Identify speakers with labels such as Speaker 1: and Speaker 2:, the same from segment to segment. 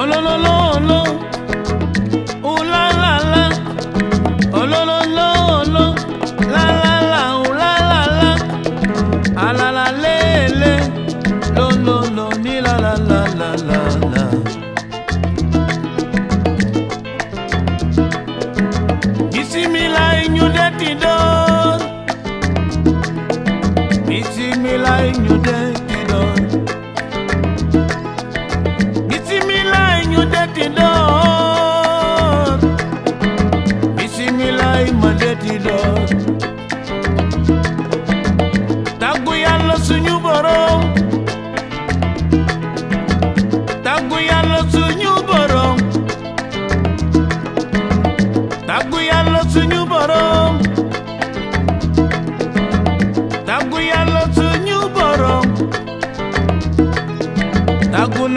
Speaker 1: olólólóòló ulálàlá olólólóòló lálálà ulálàlá alálà léèlé lólóló ní lálálàlálà. bisimila inyude tido bisimila inyude.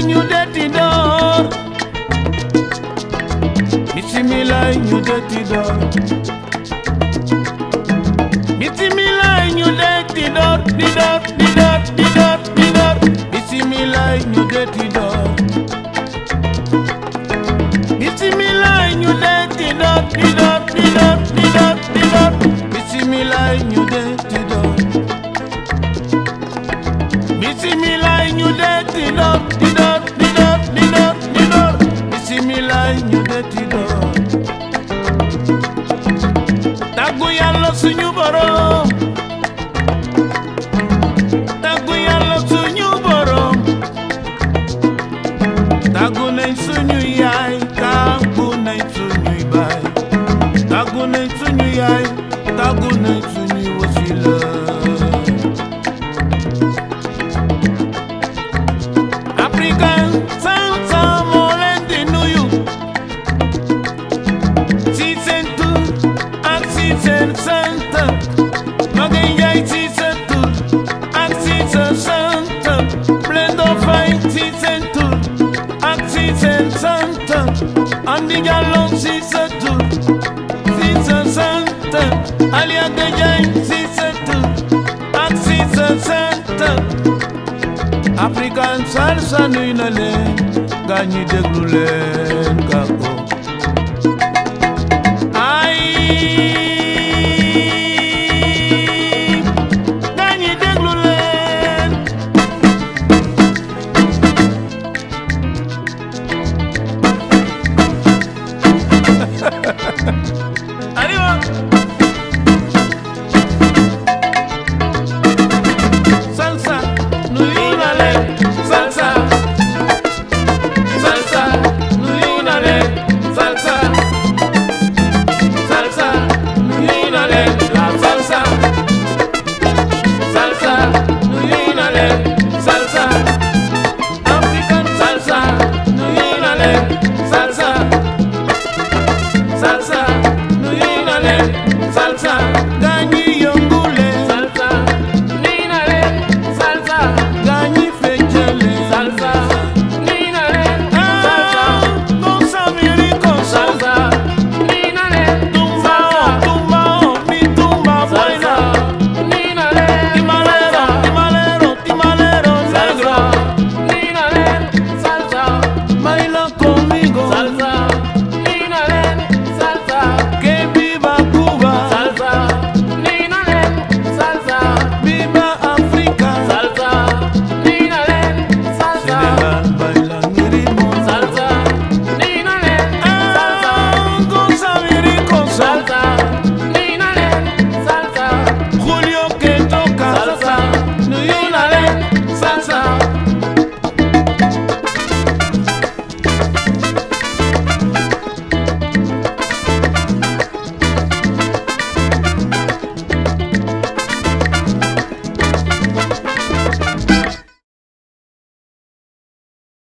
Speaker 1: like you dirty door. Meeting me like you dirty door. Meeting me like you dirty door. The door, the door, the door, the door. Meeting me like you dirty door. Meeting me like you dirty door. The door, the door, the door, the door. Meeting me like you dirty door. Meeting me like you dirty door. Tagu loo tàggu yàlla suñu borom tàggu yàlla suñu borom tàggu nañ suñu yaay tàggu nañ suñuy senta, aliás de gente African salsa nui na len, ganyi de glulen time.